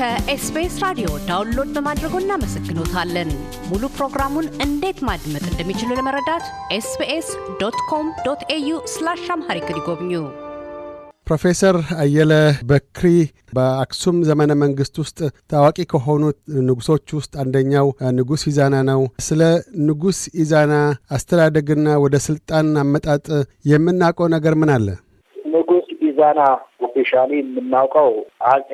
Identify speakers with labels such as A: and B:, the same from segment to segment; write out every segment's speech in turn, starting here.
A: ከኤስቢኤስ ራዲዮ ዳውንሎድ በማድረጎ እናመሰግኖታለን። ሙሉ ፕሮግራሙን እንዴት ማድመጥ እንደሚችሉ ለመረዳት ኤስቢኤስ ዶት ኮም ዶት ኤዩ ስላሽ አምሃሪክ ይጎብኙ። ፕሮፌሰር አየለ በክሪ በአክሱም ዘመነ መንግስት ውስጥ ታዋቂ ከሆኑት ንጉሶች ውስጥ አንደኛው ንጉስ ኢዛና ነው። ስለ ንጉስ ኢዛና አስተዳደግና ወደ ስልጣን አመጣጥ የምናውቀው ነገር ምን አለ?
B: ንጉስ ኢዛና ኦፊሻሊ የምናውቀው አጼ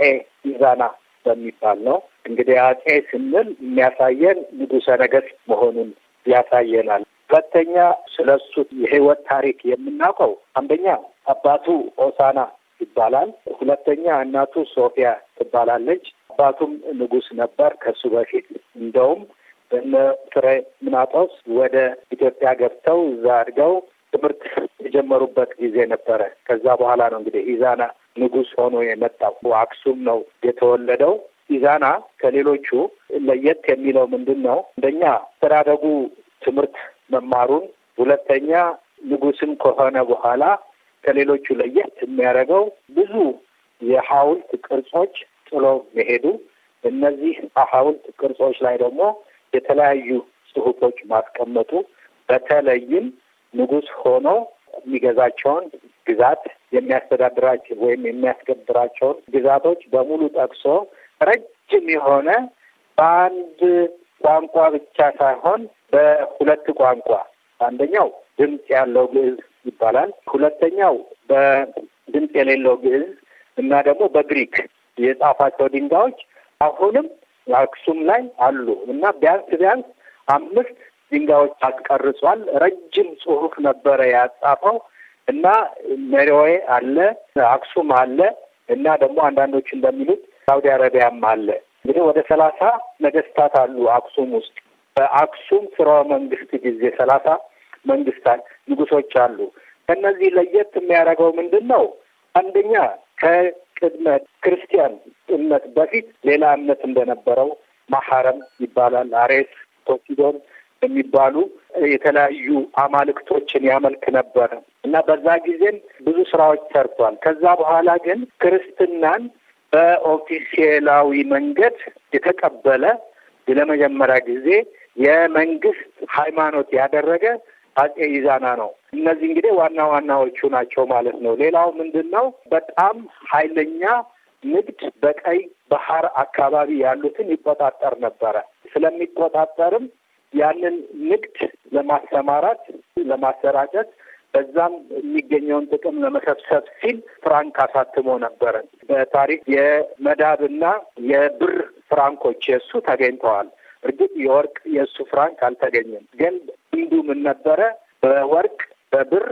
B: ኢዛና በሚባል ነው። እንግዲህ አጼ ስንል የሚያሳየን ንጉሠ ነገሥት መሆኑን ያሳየናል። ሁለተኛ ስለ እሱ የህይወት ታሪክ የምናውቀው አንደኛ አባቱ ኦሳና ይባላል። ሁለተኛ እናቱ ሶፊያ ትባላለች። አባቱም ንጉስ ነበር ከሱ በፊት እንደውም በነ ፍሬ ምናጦስ ወደ ኢትዮጵያ ገብተው እዛ አድገው ትምህርት የጀመሩበት ጊዜ ነበረ። ከዛ በኋላ ነው እንግዲህ ኢዛና ንጉስ ሆኖ የመጣው አክሱም ነው የተወለደው። ኢዛና ከሌሎቹ ለየት የሚለው ምንድን ነው? አንደኛ ተራደጉ ትምህርት መማሩን፣ ሁለተኛ ንጉስም ከሆነ በኋላ ከሌሎቹ ለየት የሚያደርገው ብዙ የሐውልት ቅርጾች ጥሎ መሄዱ። እነዚህ ሐውልት ቅርጾች ላይ ደግሞ የተለያዩ ጽሁፎች ማስቀመጡ በተለይም ንጉስ ሆኖ የሚገዛቸውን ግዛት የሚያስተዳድራቸው ወይም የሚያስገብራቸውን ግዛቶች በሙሉ ጠቅሶ ረጅም የሆነ በአንድ ቋንቋ ብቻ ሳይሆን በሁለት ቋንቋ አንደኛው ድምፅ ያለው ግዕዝ ይባላል። ሁለተኛው በድምፅ የሌለው ግዕዝ እና ደግሞ በግሪክ የጻፋቸው ድንጋዮች አሁንም አክሱም ላይ አሉ እና ቢያንስ ቢያንስ አምስት ድንጋዮች አስቀርጿል። ረጅም ጽሑፍ ነበረ ያጻፈው። እና መሪዌ አለ፣ አክሱም አለ እና ደግሞ አንዳንዶች እንደሚሉት ሳውዲ አረቢያም አለ። እንግዲህ ወደ ሰላሳ ነገስታት አሉ አክሱም ውስጥ። በአክሱም ስርወ መንግስት ጊዜ ሰላሳ መንግስታት ንጉሶች አሉ። ከእነዚህ ለየት የሚያደርገው ምንድን ነው? አንደኛ ከቅድመ ክርስቲያን እምነት በፊት ሌላ እምነት እንደነበረው ማሐረም ይባላል። አሬስ፣ ቶሲዶን የሚባሉ የተለያዩ አማልክቶችን ያመልክ ነበረ እና በዛ ጊዜም ብዙ ስራዎች ሰርቷል። ከዛ በኋላ ግን ክርስትናን በኦፊሴላዊ መንገድ የተቀበለ ለመጀመሪያ ጊዜ የመንግስት ሃይማኖት ያደረገ አጼ ይዛና ነው። እነዚህ እንግዲህ ዋና ዋናዎቹ ናቸው ማለት ነው። ሌላው ምንድን ነው? በጣም ኃይለኛ ንግድ በቀይ ባህር አካባቢ ያሉትን ይቆጣጠር ነበረ። ስለሚቆጣጠርም ያንን ንግድ ለማሰማራት ለማሰራጨት በዛም የሚገኘውን ጥቅም ለመሰብሰብ ሲል ፍራንክ አሳትሞ ነበረ። በታሪክ የመዳብና የብር ፍራንኮች የእሱ ተገኝተዋል። እርግጥ የወርቅ የእሱ ፍራንክ አልተገኘም። ግን እንዱ ምን ነበረ? በወርቅ በብር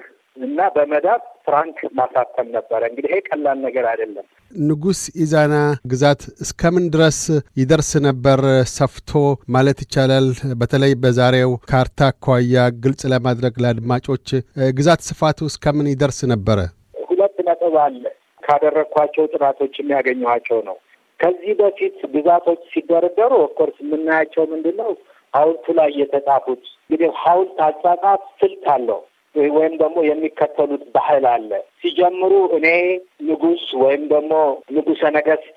B: እና በመዳብ ፍራንክ ማሳተም ነበረ። እንግዲህ ይሄ ቀላል ነገር አይደለም።
A: ንጉሥ ኢዛና ግዛት እስከምን ድረስ ይደርስ ነበር ሰፍቶ ማለት ይቻላል? በተለይ በዛሬው ካርታ አኳያ ግልጽ ለማድረግ ለአድማጮች ግዛት ስፋቱ እስከምን ይደርስ ነበረ?
B: ሁለት ነጥብ አለ ካደረግኳቸው ጥናቶች የሚያገኘኋቸው ነው። ከዚህ በፊት ግዛቶች ሲደረደሩ ኦፍኮርስ የምናያቸው ምንድን ነው ሐውልቱ ላይ የተጻፉት እንግዲህ ሐውልት አጻጻፍ ስልት አለው ወይም ደግሞ የሚከተሉት ባህል አለ። ሲጀምሩ እኔ ንጉስ ወይም ደግሞ ንጉሰ ነገስት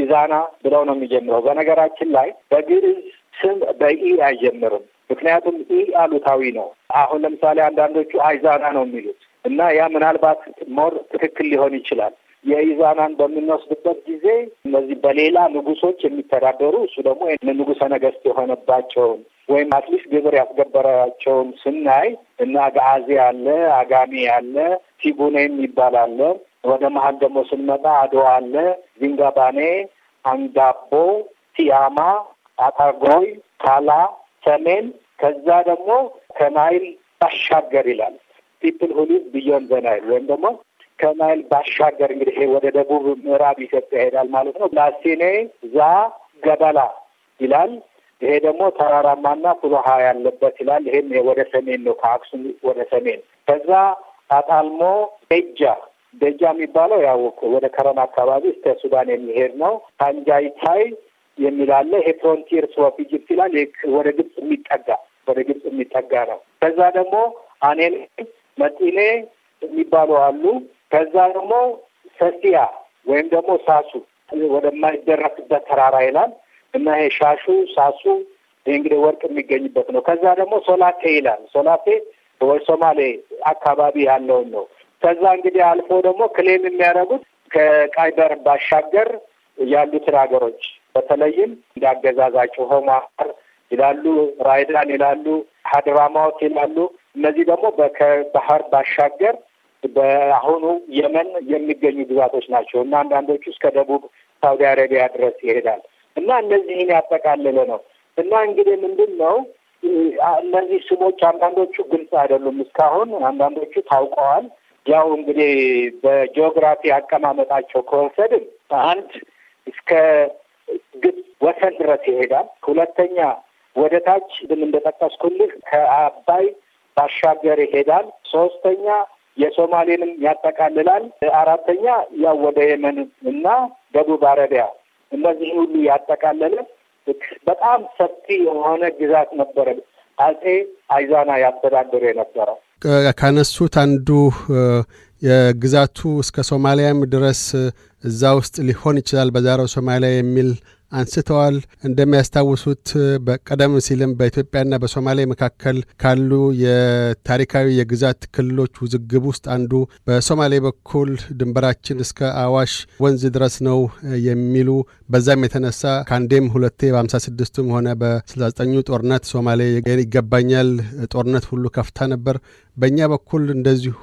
B: ኢዛና ብለው ነው የሚጀምረው። በነገራችን ላይ በግዕዝ ስም በኢ አይጀምርም። ምክንያቱም ኢ አሉታዊ ነው። አሁን ለምሳሌ አንዳንዶቹ አይዛና ነው የሚሉት እና ያ ምናልባት ሞር ትክክል ሊሆን ይችላል። የኢዛናን በምንወስድበት ጊዜ እነዚህ በሌላ ንጉሶች የሚተዳደሩ እሱ ደግሞ ንጉሰ ነገስት የሆነባቸውን ወይም አትሊስት ግብር ያስገበራቸውን ስናይ እና ገአዜ አለ፣ አጋሜ አለ፣ ቲጉኔ የሚባል አለ። ወደ መሀል ደግሞ ስንመጣ አድዋ አለ፣ ዚንጋባኔ፣ አንጋቦ፣ ቲያማ፣ አጣጎይ፣ ካላ፣ ሰሜን ከዛ ደግሞ ከናይል ባሻገር ይላል ፒፕል ሁሉ ብዮን ዘናይል ወይም ደግሞ ከናይል ባሻገር እንግዲህ ወደ ደቡብ ምዕራብ ኢትዮጵያ ይሄዳል ማለት ነው። ላሲኔ ዛ ገበላ ይላል። ይሄ ደግሞ ተራራማና ፍሎሃ ያለበት ይላል። ይሄም ወደ ሰሜን ነው፣ ከአክሱም ወደ ሰሜን። ከዛ አጣልሞ ደጃ ደጃ የሚባለው ያው ወደ ከረም አካባቢ እስከ ሱዳን የሚሄድ ነው። ታንጃይታይ የሚላለ ይሄ ፍሮንቲርስ ኦፍ ኢጅፕት ይላል። ወደ ግብፅ የሚጠጋ ወደ ግብፅ የሚጠጋ ነው። ከዛ ደግሞ አኔን መጢኔ የሚባሉ አሉ ከዛ ደግሞ ሰሲያ ወይም ደግሞ ሳሱ ወደማይደረስበት ተራራ ይላል እና ይሄ ሻሹ ሳሱ ይህ እንግዲህ ወርቅ የሚገኝበት ነው። ከዛ ደግሞ ሶላቴ ይላል። ሶላቴ ወይ ሶማሌ አካባቢ ያለውን ነው። ከዛ እንግዲህ አልፎ ደግሞ ክሌም የሚያደርጉት ከቃይበር ባሻገር ያሉትን ሀገሮች በተለይም እንዳገዛዛቸው ሆማር ይላሉ፣ ራይዳን ይላሉ፣ ሀድራማዎት ይላሉ። እነዚህ ደግሞ ከባህር ባሻገር በአሁኑ የመን የሚገኙ ግዛቶች ናቸው እና አንዳንዶቹ እስከ ደቡብ ሳውዲ አረቢያ ድረስ ይሄዳል እና እነዚህን ያጠቃለለ ነው እና እንግዲህ ምንድን ነው እነዚህ ስሞች አንዳንዶቹ ግልጽ አይደሉም እስካሁን፣ አንዳንዶቹ ታውቀዋል። ያው እንግዲህ በጂኦግራፊ አቀማመጣቸው ከወሰድን አንድ እስከ ግብጽ ወሰን ድረስ ይሄዳል። ሁለተኛ ወደ ታች ብን እንደጠቀስኩልህ ከአባይ ባሻገር ይሄዳል። ሶስተኛ የሶማሌንም ያጠቃልላል። አራተኛ ያው ወደ የመን እና ደቡብ አረቢያ እነዚህ ሁሉ ያጠቃለለ በጣም ሰፊ የሆነ ግዛት ነበረ አጼ አይዛና ያስተዳድሩ የነበረው።
A: ካነሱት አንዱ የግዛቱ እስከ ሶማሊያም ድረስ እዛ ውስጥ ሊሆን ይችላል በዛሬው ሶማሊያ የሚል አንስተዋል። እንደሚያስታውሱት በቀደም ሲልም በኢትዮጵያና በሶማሌ መካከል ካሉ የታሪካዊ የግዛት ክልሎች ውዝግብ ውስጥ አንዱ በሶማሌ በኩል ድንበራችን እስከ አዋሽ ወንዝ ድረስ ነው የሚሉ በዛም የተነሳ ከአንዴም ሁለቴ በ56ቱም ሆነ በ ጦርነት ሶማሌ ይገባኛል ጦርነት ሁሉ ከፍታ ነበር። በእኛ በኩል እንደዚሁ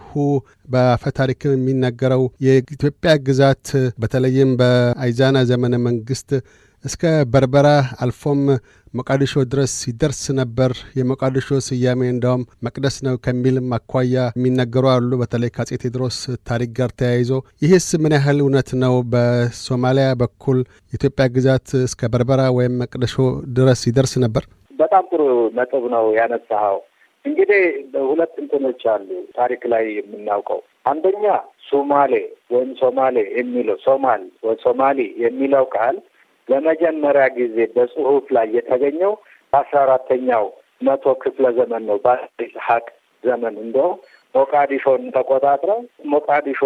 A: በአፈ ታሪክም የሚነገረው የኢትዮጵያ ግዛት በተለይም በአይዛና ዘመነ መንግስት እስከ በርበራ አልፎም ሞቃዲሾ ድረስ ይደርስ ነበር። የሞቃዲሾ ስያሜ እንዳውም መቅደስ ነው ከሚል አኳያ የሚነገሩ አሉ፣ በተለይ ከአጼ ቴዎድሮስ ታሪክ ጋር ተያይዞ። ይህስ ምን ያህል እውነት ነው? በሶማሊያ በኩል የኢትዮጵያ ግዛት እስከ በርበራ ወይም መቅደሾ ድረስ ይደርስ ነበር?
B: በጣም ጥሩ ነጥብ ነው ያነሳኸው። እንግዲህ ሁለት እንትኖች አሉ ታሪክ ላይ የምናውቀው። አንደኛ ሶማሌ ወይም ሶማሌ የሚለው ሶማል ሶማሊ የሚለው ቃል ለመጀመሪያ ጊዜ በጽሁፍ ላይ የተገኘው በአስራ አራተኛው መቶ ክፍለ ዘመን ነው። በአጼ ይስሐቅ ዘመን እንደው ሞቃዲሾን ተቆጣጥረው ሞቃዲሾ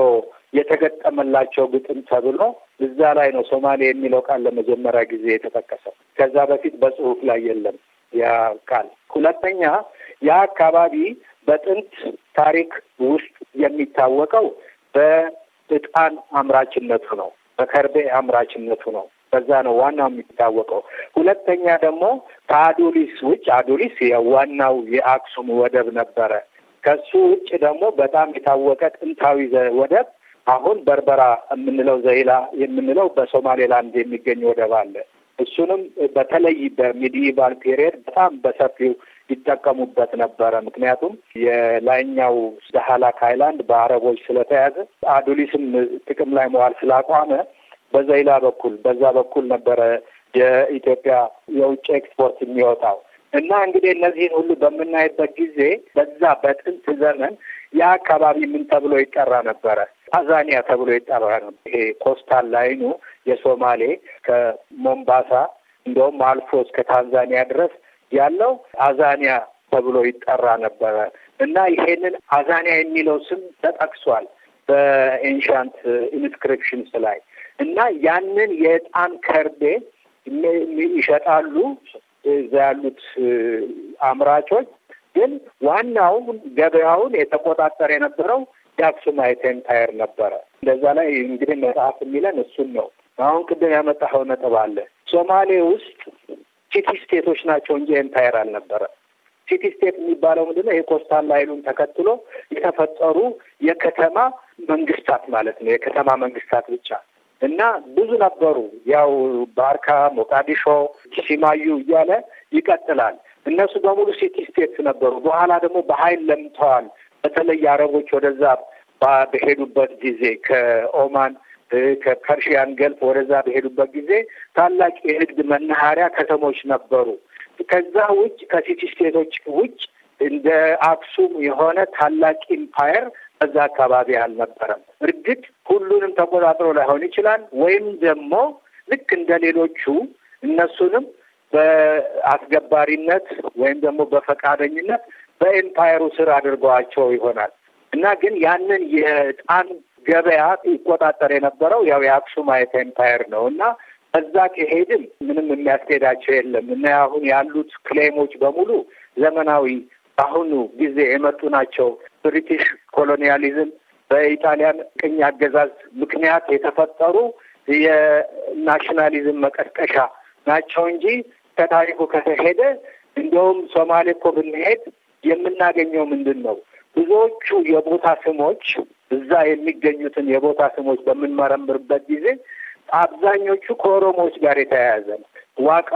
B: የተገጠመላቸው ግጥም ተብሎ እዛ ላይ ነው ሶማሌ የሚለው ቃል ለመጀመሪያ ጊዜ የተጠቀሰው። ከዛ በፊት በጽሁፍ ላይ የለም ያ ቃል። ሁለተኛ ያ አካባቢ በጥንት ታሪክ ውስጥ የሚታወቀው በእጣን አምራችነቱ ነው፣ በከርቤ አምራችነቱ ነው። በዛ ነው ዋናው የሚታወቀው። ሁለተኛ ደግሞ ከአዱሊስ ውጭ አዱሊስ ዋናው የአክሱም ወደብ ነበረ። ከሱ ውጭ ደግሞ በጣም የታወቀ ጥንታዊ ወደብ አሁን በርበራ የምንለው ዘይላ የምንለው በሶማሌላንድ የሚገኝ ወደብ አለ። እሱንም በተለይ በሚዲቫል ፔሪየድ በጣም በሰፊው ይጠቀሙበት ነበረ። ምክንያቱም የላይኛው ዳህላክ ሀይላንድ በአረቦች ስለተያዘ አዱሊስም ጥቅም ላይ መዋል ስላቋመ በዘይላ በኩል በዛ በኩል ነበረ የኢትዮጵያ የውጭ ኤክስፖርት የሚወጣው እና እንግዲህ እነዚህን ሁሉ በምናይበት ጊዜ በዛ በጥንት ዘመን ያ አካባቢ ምን ተብሎ ይጠራ ነበረ? ታዛኒያ ተብሎ ይጠራ ነው። ይሄ ኮስታል ላይኑ የሶማሌ ከሞምባሳ እንደውም አልፎ እስከ ታንዛኒያ ድረስ ያለው አዛኒያ ተብሎ ይጠራ ነበረ እና ይሄንን አዛኒያ የሚለው ስም ተጠቅሷል በኤንሻንት ኢንስክሪፕሽንስ ላይ እና ያንን የዕጣን ከርቤ ይሸጣሉ እዛ ያሉት አምራቾች። ግን ዋናው ገበያውን የተቆጣጠረ የነበረው ዳክሱም አይቴንታየር ነበረ። እንደዛ ላይ እንግዲህ መጽሐፍ የሚለን እሱን ነው። አሁን ቅድም ያመጣኸው ነጥብ አለ። ሶማሌ ውስጥ ሲቲ ስቴቶች ናቸው እንጂ ኤምፓየር አልነበረ። ሲቲ ስቴት የሚባለው ምንድነው? የኮስታል ላይኑን ተከትሎ የተፈጠሩ የከተማ መንግስታት ማለት ነው። የከተማ መንግስታት ብቻ እና ብዙ ነበሩ። ያው ባርካ፣ ሞቃዲሾ፣ ሲማዩ እያለ ይቀጥላል። እነሱ በሙሉ ሲቲ ስቴት ነበሩ። በኋላ ደግሞ በኃይል ለምተዋል። በተለይ አረቦች ወደዛ በሄዱበት ጊዜ ከኦማን ከፐርሺያን ገልፍ ወደዛ በሄዱበት ጊዜ ታላቅ የንግድ መናኸሪያ ከተሞች ነበሩ። ከዛ ውጭ ከሲቲ ስቴቶች ውጭ እንደ አክሱም የሆነ ታላቅ ኢምፓየር በዛ አካባቢ አልነበረም። እርግጥ ሁሉንም ተቆጣጥሮ ላይሆን ይችላል፣ ወይም ደግሞ ልክ እንደ ሌሎቹ እነሱንም በአስገባሪነት ወይም ደግሞ በፈቃደኝነት በኤምፓየሩ ስር አድርገዋቸው ይሆናል እና ግን ያንን የጣን ገበያ ይቆጣጠር የነበረው ያው የአክሱማይት ኤምፓየር ነው እና እዛ ከሄድን ምንም የሚያስኬዳቸው የለም እና አሁን ያሉት ክሌሞች በሙሉ ዘመናዊ አሁኑ ጊዜ የመጡ ናቸው ብሪቲሽ ኮሎኒያሊዝም በኢጣሊያን ቅኝ አገዛዝ ምክንያት የተፈጠሩ የናሽናሊዝም መቀስቀሻ ናቸው እንጂ ከታሪኩ ከተሄደ እንደውም ሶማሌ እኮ ብንሄድ የምናገኘው ምንድን ነው? ብዙዎቹ የቦታ ስሞች እዛ የሚገኙትን የቦታ ስሞች በምንመረምርበት ጊዜ አብዛኞቹ ከኦሮሞዎች ጋር የተያያዘ ነው። ዋቃ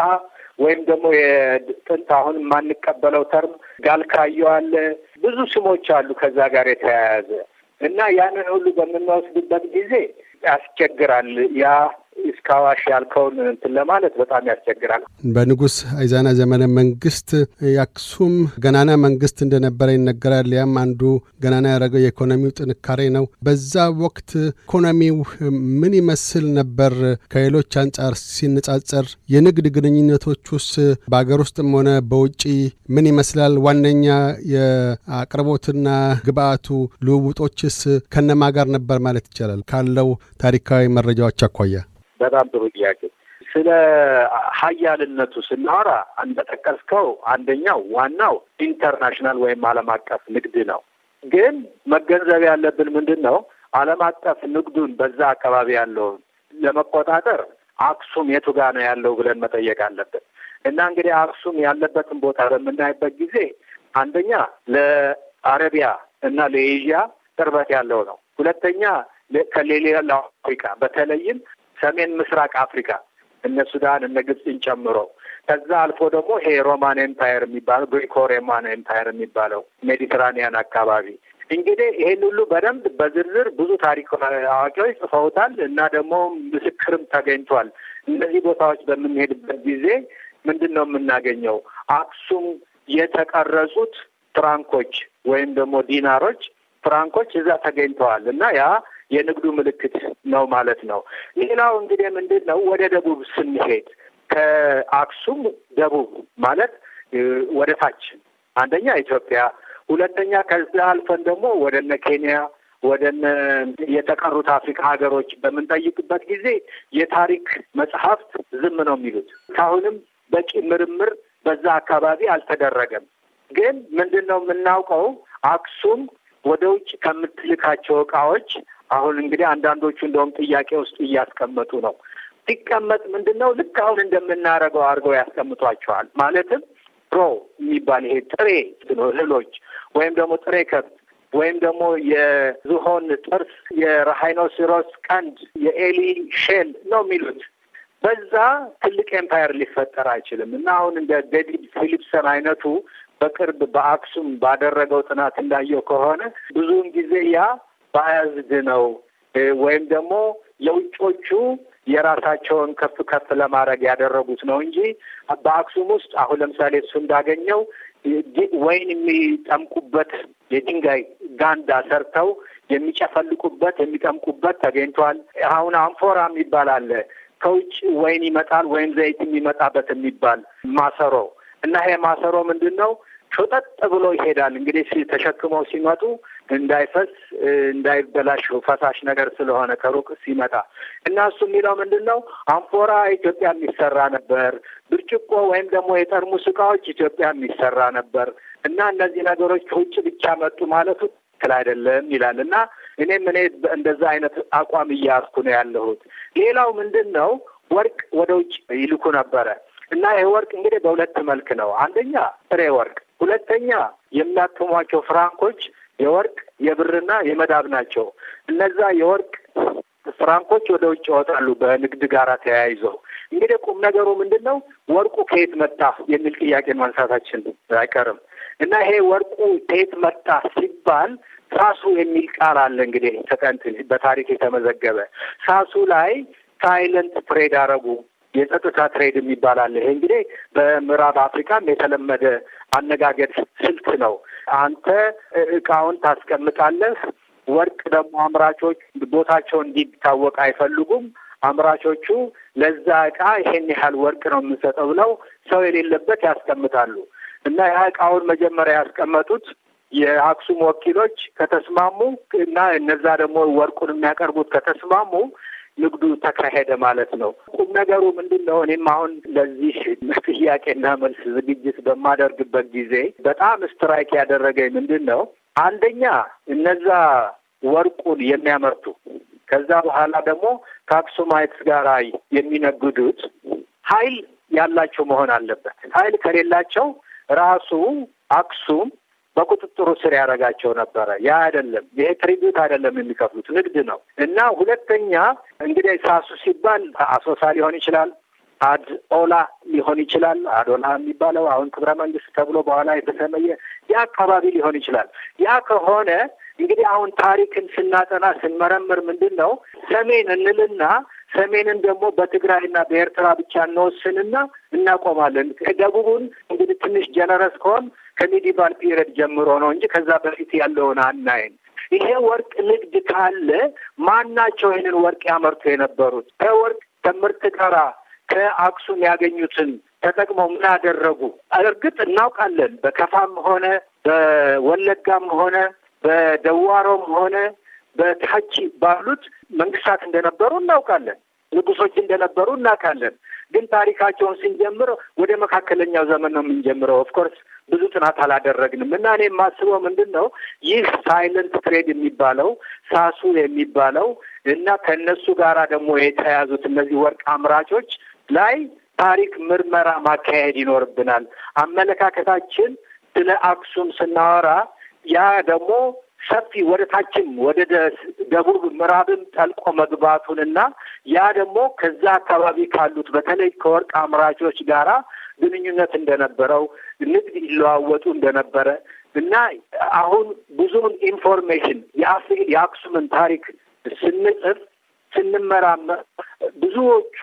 B: ወይም ደግሞ የጥንት አሁን የማንቀበለው ተርም ጋልካየዋለ ብዙ ስሞች አሉ ከዛ ጋር የተያያዘ እና ያንን ሁሉ በምንወስድበት ጊዜ ያስቸግራል ያ እስካዋሽ ያልከውን እንትን ለማለት በጣም ያስቸግራል።
A: በንጉስ አይዛና ዘመነ መንግስት የአክሱም ገናና መንግስት እንደነበረ ይነገራል። ያም አንዱ ገናና ያደረገው የኢኮኖሚው ጥንካሬ ነው። በዛ ወቅት ኢኮኖሚው ምን ይመስል ነበር? ከሌሎች አንጻር ሲነጻጸር የንግድ ግንኙነቶች በሀገር ውስጥም ሆነ በውጭ ምን ይመስላል? ዋነኛ የአቅርቦትና ግብአቱ ልውውጦችስ ከነማ ጋር ነበር ማለት ይቻላል ካለው ታሪካዊ መረጃዎች አኳያ
B: በጣም ጥሩ ጥያቄ። ስለ ሀያልነቱ ስናወራ እንደጠቀስከው አንደኛው ዋናው ኢንተርናሽናል ወይም ዓለም አቀፍ ንግድ ነው። ግን መገንዘብ ያለብን ምንድን ነው ዓለም አቀፍ ንግዱን በዛ አካባቢ ያለውን ለመቆጣጠር አክሱም የቱ ጋ ነው ያለው ብለን መጠየቅ አለብን። እና እንግዲህ አክሱም ያለበትን ቦታ በምናይበት ጊዜ አንደኛ ለአረቢያ እና ለኤዥያ ቅርበት ያለው ነው። ሁለተኛ ከሌላ ለአፍሪካ በተለይም ሰሜን ምስራቅ አፍሪካ እነ ሱዳን እነ ግብፅን ጨምሮ ከዛ አልፎ ደግሞ ይሄ ሮማን ኤምፓየር የሚባለው ግሪኮ ሮማን ኤምፓየር የሚባለው ሜዲትራኒያን አካባቢ እንግዲህ ይሄን ሁሉ በደንብ በዝርዝር ብዙ ታሪክ አዋቂዎች ጽፈውታል እና ደግሞ ምስክርም ተገኝቷል። እነዚህ ቦታዎች በምንሄድበት ጊዜ ምንድን ነው የምናገኘው? አክሱም የተቀረጹት ፍራንኮች ወይም ደግሞ ዲናሮች ፍራንኮች እዛ ተገኝተዋል እና ያ የንግዱ ምልክት ነው ማለት ነው። ሌላው እንግዲህ ምንድን ነው ወደ ደቡብ ስንሄድ ከአክሱም ደቡብ ማለት ወደ ታች አንደኛ ኢትዮጵያ፣ ሁለተኛ ከዚ አልፈን ደግሞ ወደነ ኬንያ ወደነ የተቀሩት አፍሪካ ሀገሮች በምንጠይቅበት ጊዜ የታሪክ መጽሐፍት ዝም ነው የሚሉት። እስካሁንም በቂ ምርምር በዛ አካባቢ አልተደረገም። ግን ምንድን ነው የምናውቀው አክሱም ወደ ውጭ ከምትልካቸው እቃዎች አሁን እንግዲህ አንዳንዶቹ እንደውም ጥያቄ ውስጥ እያስቀመጡ ነው። ሲቀመጥ ምንድን ነው ልክ አሁን እንደምናደርገው አድርገው ያስቀምጧቸዋል። ማለትም ሮ የሚባል ይሄ ጥሬ እህሎች ወይም ደግሞ ጥሬ ከብት ወይም ደግሞ የዝሆን ጥርስ፣ የራይኖሲሮስ ቀንድ፣ የኤሊ ሼል ነው የሚሉት በዛ ትልቅ ኤምፓየር ሊፈጠር አይችልም እና አሁን እንደ ዴቪድ ፊሊፕሰን አይነቱ በቅርብ በአክሱም ባደረገው ጥናት እንዳየው ከሆነ ብዙውን ጊዜ ያ ባያዝድ ነው ወይም ደግሞ የውጮቹ የራሳቸውን ከፍ ከፍ ለማድረግ ያደረጉት ነው እንጂ በአክሱም ውስጥ አሁን ለምሳሌ እሱ እንዳገኘው ወይን የሚጠምቁበት የድንጋይ ጋንዳ ሰርተው የሚጨፈልቁበት የሚጠምቁበት ተገኝቷል። አሁን አንፎራ የሚባል አለ። ከውጭ ወይን ይመጣል፣ ወይም ዘይት የሚመጣበት የሚባል ማሰሮ እና ይሄ ማሰሮ ምንድን ነው? ሾጠጥ ብሎ ይሄዳል። እንግዲህ ተሸክመው ሲመጡ እንዳይፈስ እንዳይበላሽ ፈሳሽ ነገር ስለሆነ ከሩቅ ሲመጣ እና እሱ የሚለው ምንድን ነው? አንፎራ ኢትዮጵያ የሚሰራ ነበር፣ ብርጭቆ ወይም ደግሞ የጠርሙስ እቃዎች ኢትዮጵያ የሚሰራ ነበር እና እነዚህ ነገሮች ከውጭ ብቻ መጡ ማለቱ ትክክል አይደለም ይላል እና እኔም እኔ እንደዛ አይነት አቋም እያያዝኩ ነው ያለሁት። ሌላው ምንድን ነው? ወርቅ ወደ ውጭ ይልኩ ነበረ እና ይህ ወርቅ እንግዲህ በሁለት መልክ ነው። አንደኛ ጥሬ ወርቅ፣ ሁለተኛ የሚያትሟቸው ፍራንኮች የወርቅ የብርና የመዳብ ናቸው። እነዛ የወርቅ ፍራንኮች ወደ ውጭ ይወጣሉ በንግድ ጋር ተያይዞ። እንግዲህ ቁም ነገሩ ምንድን ነው? ወርቁ ከየት መጣ የሚል ጥያቄ ማንሳታችን አይቀርም እና ይሄ ወርቁ ከየት መጣ ሲባል ሳሱ የሚል ቃል አለ። እንግዲህ ተጠንት በታሪክ የተመዘገበ ሳሱ ላይ ሳይለንት ፍሬድ አረጉ የጸጥታ ትሬድ የሚባል አለ። ይሄ እንግዲህ በምዕራብ አፍሪካም የተለመደ አነጋገር ስልት ነው። አንተ እቃውን ታስቀምጣለህ። ወርቅ ደግሞ አምራቾች ቦታቸው እንዲታወቅ አይፈልጉም። አምራቾቹ ለዛ እቃ ይሄን ያህል ወርቅ ነው የምንሰጠው ብለው ሰው የሌለበት ያስቀምጣሉ። እና ያ እቃውን መጀመሪያ ያስቀመጡት የአክሱም ወኪሎች ከተስማሙ እና እነዛ ደግሞ ወርቁን የሚያቀርቡት ከተስማሙ ንግዱ ተካሄደ ማለት ነው። ቁም ነገሩ ምንድን ነው? እኔም አሁን ለዚህ ጥያቄና መልስ ዝግጅት በማደርግበት ጊዜ በጣም ስትራይክ ያደረገኝ ምንድን ነው? አንደኛ እነዛ ወርቁን የሚያመርቱ ከዛ በኋላ ደግሞ ከአክሱማይትስ ጋር የሚነግዱት ኃይል ያላቸው መሆን አለበት። ኃይል ከሌላቸው ራሱ አክሱም በቁጥጥሩ ስር ያደረጋቸው ነበረ። ያ አይደለም፣ ይሄ ትሪቢዩት አይደለም የሚከፍሉት ንግድ ነው። እና ሁለተኛ እንግዲህ ሳሱ ሲባል አሶሳ ሊሆን ይችላል፣ አድኦላ ሊሆን ይችላል። አዶላ የሚባለው አሁን ክብረ መንግስት ተብሎ በኋላ የተሰመየ የአካባቢ ሊሆን ይችላል። ያ ከሆነ እንግዲህ አሁን ታሪክን ስናጠና ስንመረምር ምንድን ነው ሰሜን እንልና ሰሜንን ደግሞ በትግራይና በኤርትራ ብቻ እንወስንና እናቆማለን። ደቡቡን እንግዲህ ትንሽ ጀነረስ ከሆን ከሚዲቫል ፒሪየድ ጀምሮ ነው እንጂ ከዛ በፊት ያለውን አናይን። ይሄ ወርቅ ንግድ ካለ ማናቸው ይህንን ወርቅ ያመርቱ የነበሩት? ከወርቅ ከምርት ጋራ ከአክሱም ያገኙትን ተጠቅመው ምን አደረጉ? እርግጥ እናውቃለን። በከፋም ሆነ በወለጋም ሆነ በደዋሮም ሆነ በታች ባሉት መንግስታት እንደነበሩ እናውቃለን። ንጉሶች እንደነበሩ እናውቃለን። ግን ታሪካቸውን ስንጀምር ወደ መካከለኛው ዘመን ነው የምንጀምረው። ኦፍኮርስ ብዙ ጥናት አላደረግንም እና እኔ የማስበው ምንድን ነው ይህ ሳይለንት ትሬድ የሚባለው ሳሱ የሚባለው እና ከእነሱ ጋር ደግሞ የተያዙት እነዚህ ወርቅ አምራቾች ላይ ታሪክ ምርመራ ማካሄድ ይኖርብናል። አመለካከታችን ስለ አክሱም ስናወራ ያ ደግሞ ሰፊ ወደ ታችም ወደ ደቡብ ምዕራብም ጠልቆ መግባቱንና ያ ደግሞ ከዛ አካባቢ ካሉት በተለይ ከወርቅ አምራቾች ጋራ ግንኙነት እንደነበረው ንግድ ይለዋወጡ እንደነበረ እና አሁን ብዙውን ኢንፎርሜሽን የአክሱምን ታሪክ ስንጽፍ ስንመራመር ብዙዎቹ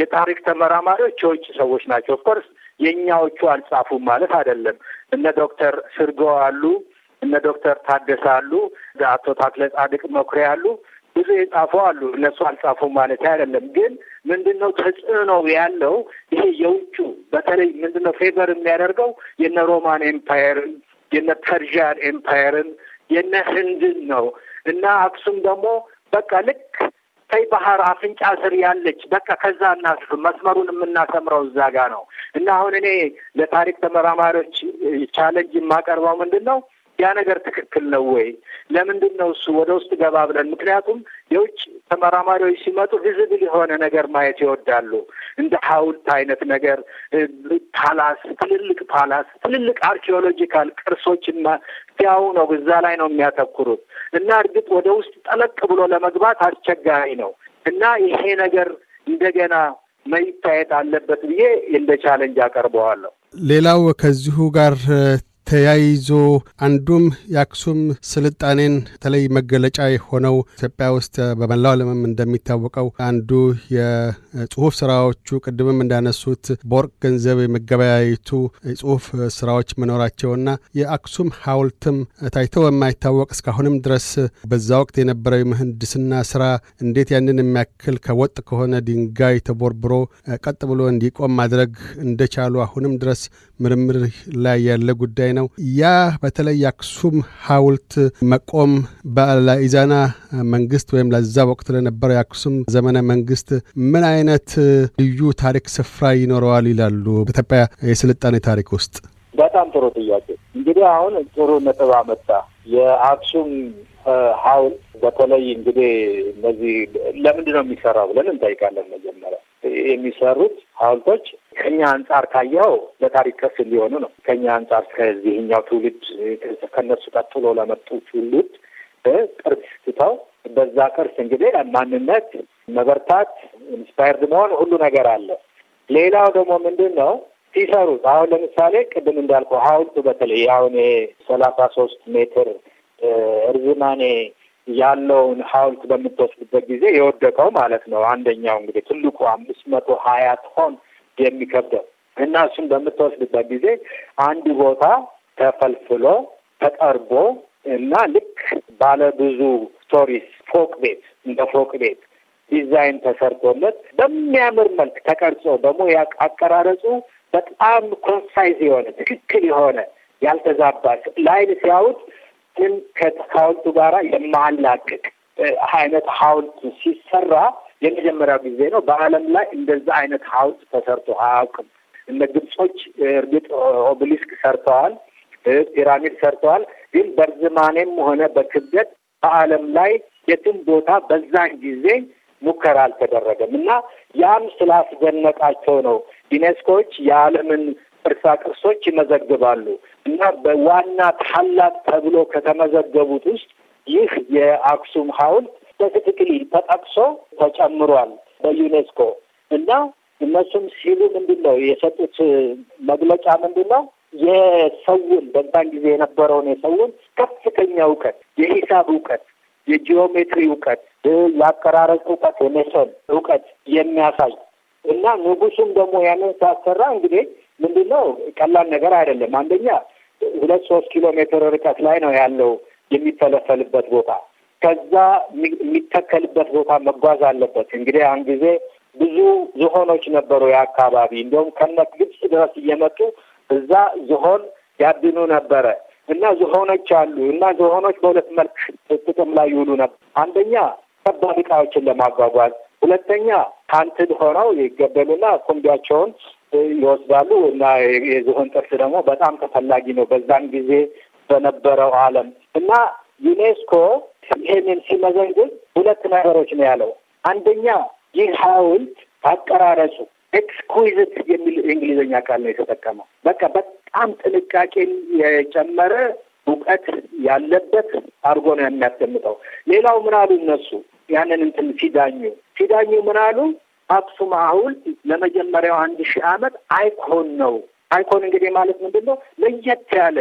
B: የታሪክ ተመራማሪዎች የውጭ ሰዎች ናቸው። ኦፍኮርስ የእኛዎቹ አልጻፉም ማለት አይደለም። እነ ዶክተር ስርጎ አሉ እነ ዶክተር ታደሰ አሉ፣ አቶ ታክለ ጻድቅ መኩሪያ አሉ። ብዙ የጻፉ አሉ። እነሱ አልጻፉም ማለት አይደለም። ግን ምንድን ነው ተጽዕኖ ያለው ይሄ የውጩ በተለይ ምንድን ነው ፌቨር የሚያደርገው የነ ሮማን ኤምፓየርን የነ ፐርዣን ኤምፓየርን የነ ህንድን ነው እና አክሱም ደግሞ በቃ ልክ ቀይ ባህር አፍንጫ ስር ያለች በቃ ከዛ እናስፍ መስመሩን የምናሰምረው እዛ ጋ ነው እና አሁን እኔ ለታሪክ ተመራማሪዎች ቻለንጅ የማቀርበው ምንድን ነው ያ ነገር ትክክል ነው ወይ? ለምንድን ነው እሱ ወደ ውስጥ ገባ ብለን? ምክንያቱም የውጭ ተመራማሪዎች ሲመጡ ቪዝብል የሆነ ነገር ማየት ይወዳሉ። እንደ ሐውልት አይነት ነገር፣ ፓላስ፣ ትልልቅ ፓላስ፣ ትልልቅ አርኪኦሎጂካል ቅርሶችና ያው ነው እዛ ላይ ነው የሚያተኩሩት እና እርግጥ ወደ ውስጥ ጠለቅ ብሎ ለመግባት አስቸጋሪ ነው እና ይሄ ነገር እንደገና መይታየት አለበት ብዬ እንደ ቻለንጅ አቀርበዋለሁ።
A: ሌላው ከዚሁ ጋር ተያይዞ አንዱም የአክሱም ስልጣኔን በተለይ መገለጫ የሆነው ኢትዮጵያ ውስጥ በመላው ዓለምም እንደሚታወቀው አንዱ የጽሁፍ ስራዎቹ ቅድምም እንዳነሱት በወርቅ ገንዘብ የመገበያየቱ የጽሁፍ ስራዎች መኖራቸውና የአክሱም ሐውልትም ታይተው የማይታወቅ እስካሁንም ድረስ በዛ ወቅት የነበረው የምህንድስና ስራ እንዴት ያንን የሚያክል ከወጥ ከሆነ ድንጋይ ተቦርብሮ ቀጥ ብሎ እንዲቆም ማድረግ እንደቻሉ አሁንም ድረስ ምርምር ላይ ያለ ጉዳይ ጉዳይ ነው። ያ በተለይ የአክሱም ሐውልት መቆም ለኢዛና መንግስት ወይም ለዛ ወቅት ለነበረው የአክሱም ዘመነ መንግስት ምን አይነት ልዩ ታሪክ ስፍራ ይኖረዋል ይላሉ በኢትዮጵያ የስልጣኔ ታሪክ ውስጥ?
B: በጣም ጥሩ ጥያቄ። እንግዲህ አሁን ጥሩ ነጥብ አመጣ። የአክሱም ሐውልት በተለይ እንግዲህ እነዚህ ለምንድን ነው የሚሰራው ብለን እንጠይቃለን። መጀመሪያ የሚሰሩት ሐውልቶች ከኛ አንጻር ካየኸው ለታሪክ ክፍል ሊሆኑ ነው። ከኛ አንጻር ከዚህኛው ትውልድ ከነሱ ቀጥሎ ለመጡ ትውልድ ቅርስ ትተው በዛ ቅርስ እንግዲህ ማንነት መበርታት፣ ኢንስፓየርድ መሆን ሁሉ ነገር አለ። ሌላው ደግሞ ምንድን ነው ሲሰሩት አሁን ለምሳሌ ቅድም እንዳልኩ ሐውልቱ በተለይ አሁን ሰላሳ ሶስት ሜትር እርዝማኔ ያለውን ሐውልት በምትወስድበት ጊዜ የወደቀው ማለት ነው አንደኛው እንግዲህ ትልቁ አምስት መቶ ሀያ ቶን የሚከብደው እና እሱን በምትወስድበት ጊዜ አንድ ቦታ ተፈልፍሎ ተጠርቦ እና ልክ ባለ ብዙ ስቶሪስ ፎቅ ቤት እንደ ፎቅ ቤት ዲዛይን ተሰርቶለት በሚያምር መልክ ተቀርጾ ደግሞ አቀራረጹ በጣም ኮንሳይዝ የሆነ ትክክል የሆነ ያልተዛባ ለአይን ሲያዩት ግን ከሐውልቱ ጋራ የማላቅቅ አይነት ሐውልት ሲሰራ የመጀመሪያው ጊዜ ነው። በዓለም ላይ እንደዛ አይነት ሀውልት ተሰርቶ አያውቅም። እነ ግብጾች እርግጥ ኦብሊስክ ሰርተዋል፣ ፒራሚድ ሰርተዋል። ግን በርዝማኔም ሆነ በክብደት በዓለም ላይ የትም ቦታ በዛን ጊዜ ሙከራ አልተደረገም እና ያም ስላስደነቃቸው ነው ዩኔስኮዎች የዓለምን ቅርሳ ቅርሶች ይመዘግባሉ እና በዋና ታላቅ ተብሎ ከተመዘገቡት ውስጥ ይህ የአክሱም ሐውልት ስፔሲፊክሊ ተጠቅሶ ተጨምሯል በዩኔስኮ እና እነሱም ሲሉ ምንድን ነው የሰጡት መግለጫ ምንድን ነው የሰውን በዛን ጊዜ የነበረውን የሰውን ከፍተኛ እውቀት፣ የሂሳብ እውቀት፣ የጂኦሜትሪ እውቀት፣ የአቀራረጽ እውቀት፣ የሜሶን እውቀት የሚያሳይ እና ንጉሱም ደግሞ ያንን ሳሰራ እንግዲህ ምንድን ነው ቀላል ነገር አይደለም። አንደኛ ሁለት ሶስት ኪሎ ሜትር ርቀት ላይ ነው ያለው የሚፈለፈልበት ቦታ ከዛ የሚተከልበት ቦታ መጓዝ አለበት። እንግዲህ ያን ጊዜ ብዙ ዝሆኖች ነበሩ የአካባቢ እንዲሁም ከነ ግብጽ ድረስ እየመጡ እዛ ዝሆን ያድኑ ነበረ እና ዝሆኖች አሉ እና ዝሆኖች በሁለት መልክ ጥቅም ላይ ይውሉ ነበር። አንደኛ ከባድ እቃዎችን ለማጓጓዝ፣ ሁለተኛ ሀንትድ ሆነው ይገበሉና ኩምቢያቸውን ይወስዳሉ እና የዝሆን ጥርስ ደግሞ በጣም ተፈላጊ ነው በዛን ጊዜ በነበረው ዓለም እና ዩኔስኮ ይህንን ሲመዘግብ ሁለት ነገሮች ነው ያለው። አንደኛ ይህ ሐውልት አቀራረጹ ኤክስኩዊዝት የሚል የእንግሊዝኛ ቃል ነው የተጠቀመው። በቃ በጣም ጥንቃቄን የጨመረ እውቀት ያለበት አድርጎ ነው የሚያስደምጠው ሌላው ምን አሉ እነሱ ያንን እንትን ሲዳኙ ሲዳኙ ምን አሉ? አክሱም ሐውልት ለመጀመሪያው አንድ ሺህ ዓመት አይኮን ነው። አይኮን እንግዲህ ማለት ምንድን ነው? ለየት ያለ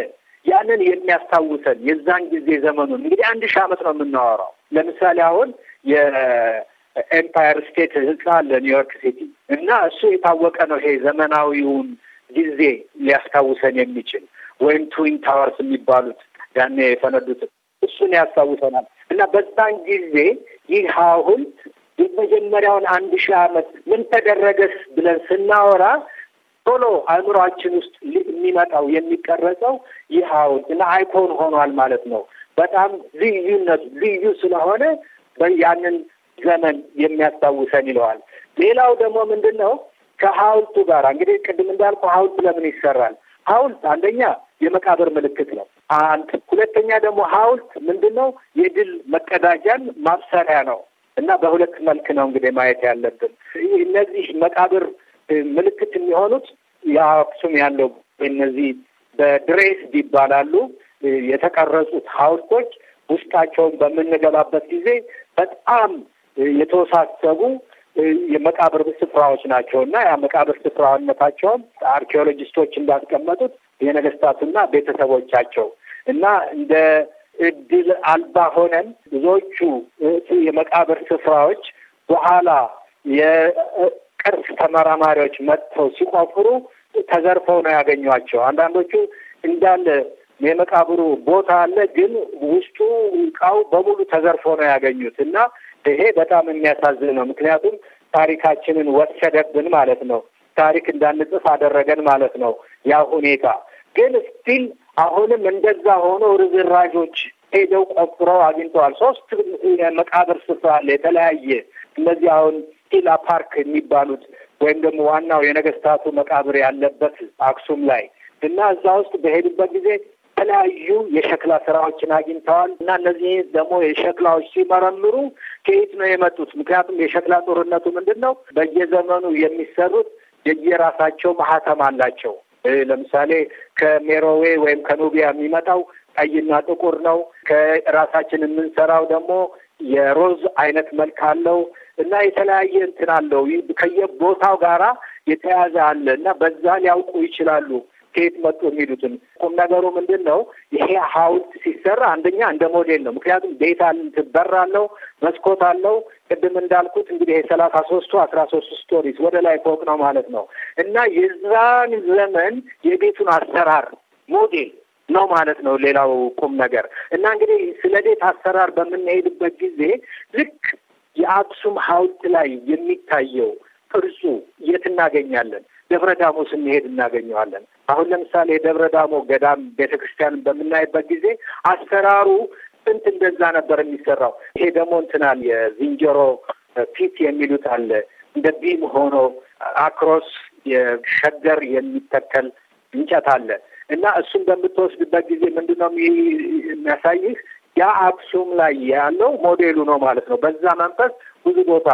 B: ያንን የሚያስታውሰን የዛን ጊዜ ዘመኑን እንግዲህ አንድ ሺህ ዓመት ነው የምናወራው። ለምሳሌ አሁን የኤምፓየር ስቴት ህንፃ አለ ኒውዮርክ ሲቲ እና እሱ የታወቀ ነው። ይሄ ዘመናዊውን ጊዜ ሊያስታውሰን የሚችል ወይም ትዊን ታወርስ የሚባሉት ያኔ የፈነዱት እሱን ያስታውሰናል። እና በዛን ጊዜ ይህ ሀውልት የመጀመሪያውን አንድ ሺህ ዓመት ምን ተደረገስ ብለን ስናወራ ቶሎ አእምሯችን ውስጥ የሚመጣው የሚቀረጸው ይህ እና አይኮን ሆኗል ማለት ነው። በጣም ልዩነት ልዩ ስለሆነ ያንን ዘመን የሚያስታውሰን ይለዋል። ሌላው ደግሞ ምንድን ነው? ከሀውልቱ ጋር እንግዲህ ቅድም እንዳልኩ ሐውልት ለምን ይሰራል? ሀውልት አንደኛ የመቃብር ምልክት ነው። አንድ ሁለተኛ ደግሞ ሀውልት ምንድን ነው? የድል መቀዳጃን ማብሰሪያ ነው እና በሁለት መልክ ነው እንግዲህ ማየት ያለብን እነዚህ መቃብር ምልክት የሚሆኑት የአክሱም ያለው እነዚህ በድሬስድ ይባላሉ የተቀረጹት ሀውልቶች ውስጣቸውን በምንገባበት ጊዜ በጣም የተወሳሰቡ የመቃብር ስፍራዎች ናቸው እና ያ መቃብር ስፍራነታቸውም አርኪኦሎጂስቶች እንዳስቀመጡት የነገስታቱና ቤተሰቦቻቸው እና እንደ እድል አልባ ሆነን ብዙዎቹ የመቃብር ስፍራዎች በኋላ ቅርስ ተመራማሪዎች መጥተው ሲቆፍሩ ተዘርፈው ነው ያገኟቸው። አንዳንዶቹ እንዳለ የመቃብሩ ቦታ አለ፣ ግን ውስጡ እቃው በሙሉ ተዘርፎ ነው ያገኙት እና ይሄ በጣም የሚያሳዝን ነው። ምክንያቱም ታሪካችንን ወሰደብን ማለት ነው። ታሪክ እንዳንጽፍ አደረገን ማለት ነው። ያ ሁኔታ ግን ስቲል አሁንም እንደዛ ሆኖ ርዝራዦች ሄደው ቆፍረው አግኝተዋል። ሶስት መቃብር ስፍራ አለ የተለያየ እነዚህ አሁን ኢላ ፓርክ የሚባሉት ወይም ደግሞ ዋናው የነገስታቱ መቃብር ያለበት አክሱም ላይ እና እዛ ውስጥ በሄዱበት ጊዜ የተለያዩ የሸክላ ስራዎችን አግኝተዋል እና እነዚህ ደግሞ የሸክላዎች ሲመረምሩ ከየት ነው የመጡት? ምክንያቱም የሸክላ ጦርነቱ ምንድን ነው? በየዘመኑ የሚሰሩት የየራሳቸው ማህተም አላቸው። ለምሳሌ ከሜሮዌ ወይም ከኑቢያ የሚመጣው ቀይና ጥቁር ነው። ከራሳችን የምንሰራው ደግሞ የሮዝ አይነት መልክ አለው። እና የተለያየ እንትን አለው ከየቦታው ጋራ የተያዘ አለ እና በዛ ሊያውቁ ይችላሉ ከየት መጡ የሚሉትን። ቁም ነገሩ ምንድን ነው? ይሄ ሀውልት ሲሰራ አንደኛ እንደ ሞዴል ነው። ምክንያቱም ቤት በር አለው፣ መስኮት አለው። ቅድም እንዳልኩት እንግዲህ የሰላሳ ሶስቱ አስራ ሶስቱ ስቶሪስ ወደ ላይ ፎቅ ነው ማለት ነው እና የዛን ዘመን የቤቱን አሰራር ሞዴል ነው ማለት ነው። ሌላው ቁም ነገር እና እንግዲህ ስለ ቤት አሰራር በምንሄድበት ጊዜ ልክ የአክሱም ሐውልት ላይ የሚታየው ቅርጹ የት እናገኛለን? ደብረ ዳሞ ስንሄድ እናገኘዋለን። አሁን ለምሳሌ የደብረ ዳሞ ገዳም ቤተ ክርስቲያን በምናይበት ጊዜ አሰራሩ ጥንት እንደዛ ነበር የሚሰራው። ይሄ ደግሞ እንትናል የዝንጀሮ ፊት የሚሉት አለ እንደ ቢም ሆኖ አክሮስ የሸገር የሚተከል እንጨት አለ እና እሱን በምትወስድበት ጊዜ ምንድነው የሚያሳይህ ያ አክሱም ላይ ያለው ሞዴሉ ነው ማለት ነው። በዛ መንፈስ ብዙ ቦታ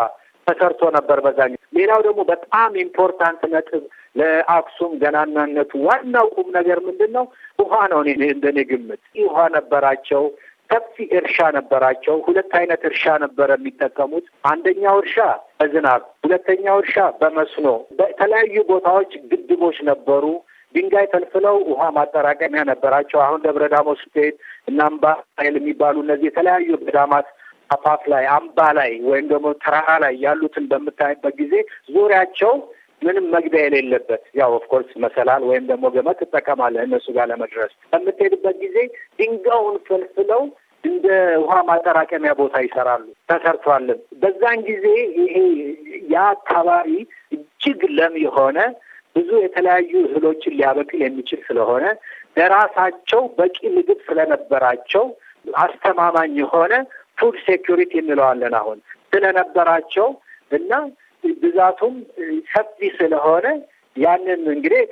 B: ተሰርቶ ነበር በዛኝ። ሌላው ደግሞ በጣም ኢምፖርታንት ነጥብ ለአክሱም ገናናነቱ ዋናው ቁም ነገር ምንድን ነው? ውሃ ነው። እንደኔ ግምት ውሃ ነበራቸው። ሰፊ እርሻ ነበራቸው። ሁለት አይነት እርሻ ነበረ የሚጠቀሙት። አንደኛው እርሻ በዝናብ፣ ሁለተኛው እርሻ በመስኖ። በተለያዩ ቦታዎች ግድቦች ነበሩ። ድንጋይ ፈልፍለው ውሃ ማጠራቀሚያ ነበራቸው። አሁን ደብረ ዳሞ ስትሄድ እና አምባ ኃይል የሚባሉ እነዚህ የተለያዩ ገዳማት አፋፍ ላይ አምባ ላይ ወይም ደግሞ ተራራ ላይ ያሉትን በምታይበት ጊዜ ዙሪያቸው ምንም መግቢያ የሌለበት ያው ኦፍኮርስ መሰላል ወይም ደግሞ ገመድ ትጠቀማለህ እነሱ ጋር ለመድረስ በምትሄድበት ጊዜ ድንጋዩን ፈልፍለው እንደ ውሃ ማጠራቀሚያ ቦታ ይሰራሉ ተሰርቷልም። በዛን ጊዜ ይሄ ያ አካባቢ እጅግ ለም የሆነ ብዙ የተለያዩ እህሎችን ሊያበቅል የሚችል ስለሆነ ለራሳቸው በቂ ምግብ ስለነበራቸው አስተማማኝ የሆነ ፉድ ሴኩሪቲ እንለዋለን አሁን ስለነበራቸው እና ብዛቱም ሰፊ ስለሆነ ያንን እንግዲህ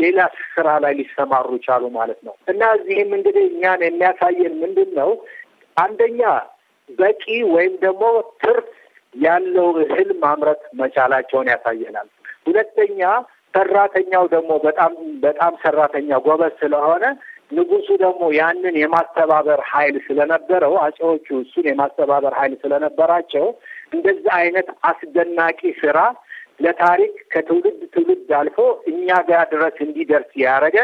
B: ሌላ ስራ ላይ ሊሰማሩ ይቻሉ ማለት ነው። እና እዚህም እንግዲህ እኛን የሚያሳየን ምንድን ነው? አንደኛ በቂ ወይም ደግሞ ትርፍ ያለው እህል ማምረት መቻላቸውን ያሳየናል። ሁለተኛ ሰራተኛው ደግሞ በጣም በጣም ሰራተኛ ጎበዝ ስለሆነ ንጉሱ ደግሞ ያንን የማስተባበር ኃይል ስለነበረው አጼዎቹ እሱን የማስተባበር ኃይል ስለነበራቸው እንደዚህ አይነት አስደናቂ ስራ ለታሪክ ከትውልድ ትውልድ አልፎ እኛ ጋር ድረስ እንዲደርስ ያደረገ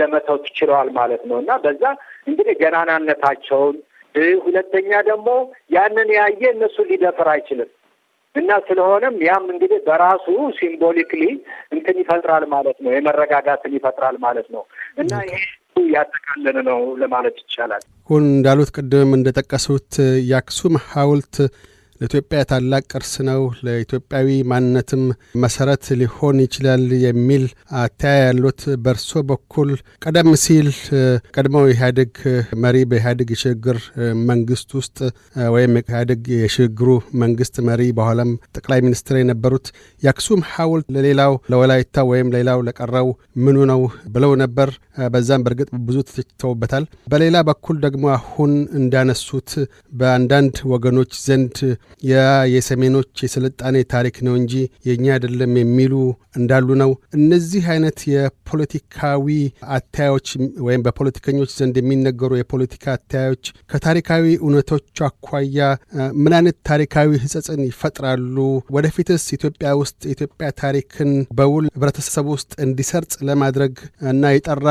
B: ለመተው ችለዋል ማለት ነው እና በዛ እንግዲህ ገናናነታቸውን ሁለተኛ ደግሞ ያንን ያየ እነሱን ሊደፍር አይችልም። እና ስለሆነም ያም እንግዲህ በራሱ ሲምቦሊክሊ እንትን ይፈጥራል ማለት ነው፣ የመረጋጋትን ይፈጥራል ማለት ነው እና ይህ ያጠቃለለ ነው ለማለት ይቻላል።
A: ሁን እንዳሉት ቅድም እንደጠቀሱት የአክሱም ሐውልት ለኢትዮጵያ ታላቅ ቅርስ ነው፣ ለኢትዮጵያዊ ማንነትም መሰረት ሊሆን ይችላል የሚል አተያ ያሉት በእርሶ በኩል ቀደም ሲል ቀድሞው ኢህአዴግ መሪ በኢህአዴግ የሽግግር መንግስት ውስጥ ወይም ኢህአዴግ የሽግግሩ መንግስት መሪ በኋላም ጠቅላይ ሚኒስትር የነበሩት የአክሱም ሐውልት ለሌላው ለወላይታ ወይም ሌላው ለቀረው ምኑ ነው ብለው ነበር። በዛም በእርግጥ ብዙ ተችተውበታል። በሌላ በኩል ደግሞ አሁን እንዳነሱት በአንዳንድ ወገኖች ዘንድ ያ የሰሜኖች የስልጣኔ ታሪክ ነው እንጂ የእኛ አይደለም የሚሉ እንዳሉ ነው። እነዚህ አይነት የፖለቲካዊ አታዮች ወይም በፖለቲከኞች ዘንድ የሚነገሩ የፖለቲካ አታዮች ከታሪካዊ እውነቶች አኳያ ምን አይነት ታሪካዊ ህጸጽን ይፈጥራሉ? ወደፊትስ ኢትዮጵያ ውስጥ የኢትዮጵያ ታሪክን በውል ህብረተሰብ ውስጥ እንዲሰርጽ ለማድረግ እና የጠራ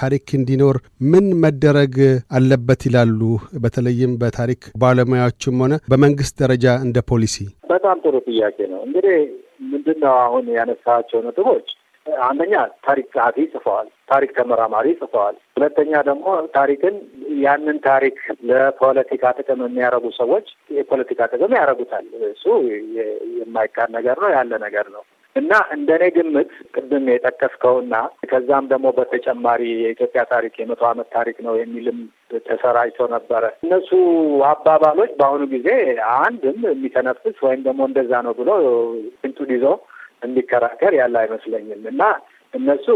A: ታሪክ እንዲኖር ምን መደረግ አለበት ይላሉ? በተለይም በታሪክ ባለሙያዎችም ሆነ በመንግስት ደረጃ እንደ ፖሊሲ?
B: በጣም ጥሩ ጥያቄ ነው። እንግዲህ ምንድን ነው አሁን ያነሳቸው ነጥቦች አንደኛ ታሪክ ጸሐፊ ጽፈዋል፣ ታሪክ ተመራማሪ ጽፈዋል። ሁለተኛ ደግሞ ታሪክን ያንን ታሪክ ለፖለቲካ ጥቅም የሚያደርጉ ሰዎች የፖለቲካ ጥቅም ያደርጉታል። እሱ የማይካድ ነገር ነው፣ ያለ ነገር ነው። እና እንደ እኔ ግምት ቅድም የጠቀስከውና ከዛም ደግሞ በተጨማሪ የኢትዮጵያ ታሪክ የመቶ ዓመት ታሪክ ነው የሚልም ተሰራጭቶ ነበረ። እነሱ አባባሎች በአሁኑ ጊዜ አንድም የሚተነፍስ ወይም ደግሞ እንደዛ ነው ብሎ ፍንጩን ይዞ እንዲከራከር ያለ አይመስለኝም እና እነሱ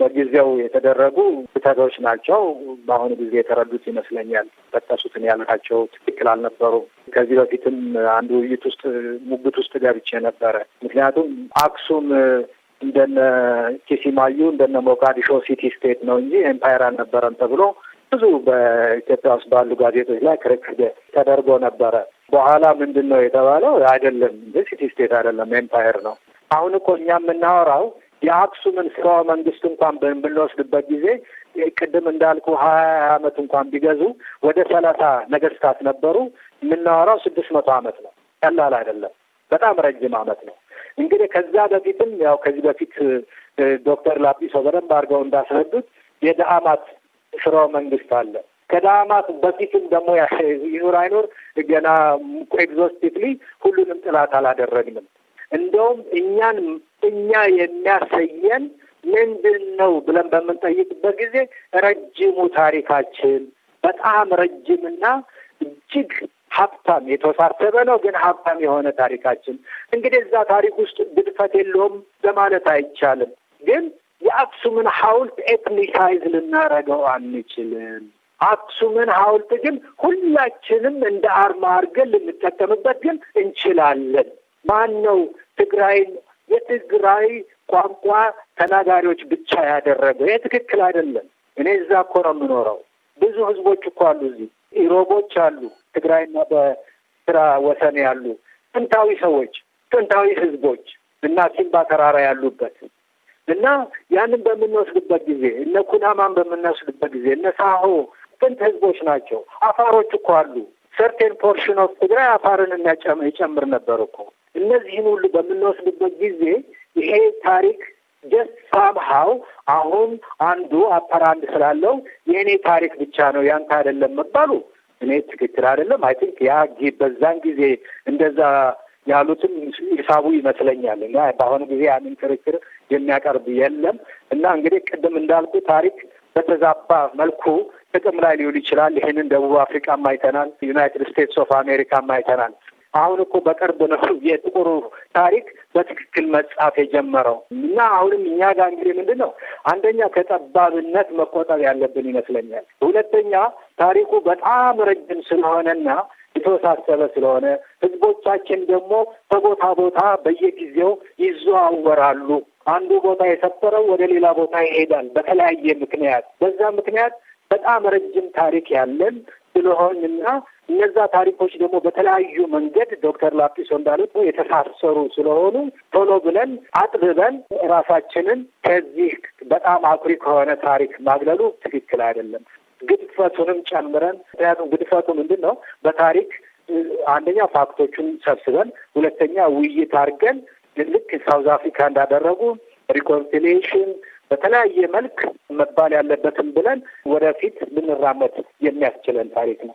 B: በጊዜው የተደረጉ ስህተቶች ናቸው። በአሁኑ ጊዜ የተረዱት ይመስለኛል። ጠቀሱትን ያልካቸው ትክክል አልነበሩም። ከዚህ በፊትም አንድ ውይይት ውስጥ ሙግት ውስጥ ገብቼ ነበረ። ምክንያቱም አክሱም እንደነ ኪሲማዩ እንደነ ሞቃዲሾ ሲቲ ስቴት ነው እንጂ ኤምፓየር አልነበረም ተብሎ ብዙ በኢትዮጵያ ውስጥ ባሉ ጋዜጦች ላይ ክርክር ተደርጎ ነበረ። በኋላ ምንድን ነው የተባለው? አይደለም ሲቲ ስቴት አይደለም ኤምፓየር ነው። አሁን እኮ እኛ የምናወራው የአክሱምን ስርወ መንግስት እንኳን በምንወስድበት ጊዜ ቅድም እንዳልኩ ሀያ አመት እንኳን ቢገዙ ወደ ሰላሳ ነገስታት ነበሩ። የምናወራው ስድስት መቶ አመት ነው። ቀላል አይደለም። በጣም ረጅም አመት ነው። እንግዲህ ከዛ በፊትም ያው ከዚህ በፊት ዶክተር ላጲሶ በደንብ አድርገው እንዳስረዱት የደአማት ስርወ መንግስት አለ። ከደአማት በፊትም ደግሞ ይኑር አይኑር ገና ኤግዞስቲቭሊ ሁሉንም ጥላት አላደረግንም። እንደውም እኛን እኛ የሚያሰየን ምንድን ነው ብለን በምንጠይቅበት ጊዜ ረጅሙ ታሪካችን በጣም ረጅምና እጅግ ሀብታም የተወሳሰበ ነው። ግን ሀብታም የሆነ ታሪካችን እንግዲህ እዛ ታሪክ ውስጥ ግድፈት የለውም ለማለት አይቻልም። ግን የአክሱምን ሐውልት ኤትኒሳይዝ ልናረገው አንችልም። አክሱምን ሐውልት ግን ሁላችንም እንደ አርማ አድርገን ልንጠቀምበት ግን እንችላለን። ማን ነው ትግራይን የትግራይ ቋንቋ ተናጋሪዎች ብቻ ያደረገ ይህ ትክክል አይደለም። እኔ እዛ እኮ ነው የምኖረው። ብዙ ህዝቦች እኮ አሉ እዚህ ኢሮቦች አሉ፣ ትግራይና በስራ ወሰን ያሉ ጥንታዊ ሰዎች፣ ጥንታዊ ህዝቦች እና ሲምባ ተራራ ያሉበት እና ያንን በምንወስድበት ጊዜ እነ ኩናማን በምንወስድበት ጊዜ እነ ሳሆ ጥንት ህዝቦች ናቸው። አፋሮች እኮ አሉ። ሰርቴን ፖርሽን ኦፍ ትግራይ አፋርን እና ይጨምር ነበር እኮ እነዚህን ሁሉ በምንወስድበት ጊዜ ይሄ ታሪክ ጀስት ሳምሃው አሁን አንዱ አፐራንድ ስላለው የእኔ ታሪክ ብቻ ነው ያንተ አይደለም መባሉ እኔ ትክክል አይደለም። አይ ቲንክ ያ በዛን ጊዜ እንደዛ ያሉትም ሂሳቡ ይመስለኛል እና በአሁኑ ጊዜ ያንን ክርክር የሚያቀርብ የለም እና እንግዲህ ቅድም እንዳልኩ ታሪክ በተዛባ መልኩ ጥቅም ላይ ሊውል ይችላል። ይህንን ደቡብ አፍሪካም አይተናል፣ ዩናይትድ ስቴትስ ኦፍ አሜሪካም አይተናል። አሁን እኮ በቅርብ ነው የጥቁሩ ታሪክ በትክክል መጻፍ የጀመረው እና አሁንም እኛ ጋር እንግዲህ ምንድን ነው አንደኛ ከጠባብነት መቆጠብ ያለብን ይመስለኛል። ሁለተኛ ታሪኩ በጣም ረጅም ስለሆነና የተወሳሰበ ስለሆነ ህዝቦቻችን ደግሞ ከቦታ ቦታ በየጊዜው ይዘዋወራሉ። አንዱ ቦታ የሰፈረው ወደ ሌላ ቦታ ይሄዳል በተለያየ ምክንያት። በዛ ምክንያት በጣም ረጅም ታሪክ ያለን ስለሆንና እነዛ ታሪኮች ደግሞ በተለያዩ መንገድ ዶክተር ላጲሶ እንዳሉት የተሳሰሩ ስለሆኑ ቶሎ ብለን አጥብበን ራሳችንን ከዚህ በጣም አኩሪ ከሆነ ታሪክ ማግለሉ ትክክል አይደለም። ግድፈቱንም ጨምረን ምክንያቱም ግድፈቱ ምንድን ነው? በታሪክ አንደኛ ፋክቶቹን ሰብስበን፣ ሁለተኛ ውይይት አድርገን ልክ ሳውዝ አፍሪካ እንዳደረጉ ሪኮንሲሊዬሽን በተለያየ መልክ መባል ያለበትም ብለን ወደፊት ልንራመድ የሚያስችለን ታሪክ ነው።